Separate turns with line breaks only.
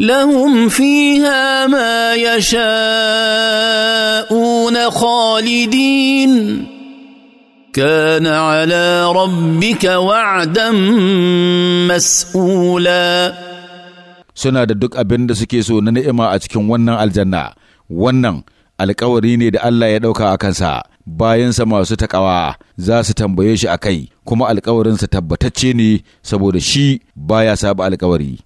لهم فيها ما يشاءون خالدين كان على ربك وعدا مسؤولا suna
da duk abin da suke so na ni'ima a cikin wannan aljanna wannan alkawari ne da Allah ya ɗauka a kansa bayansa masu taƙawa za su tambaye shi a kai kuma alkawarinsa tabbatacce ne saboda shi baya saba alkawari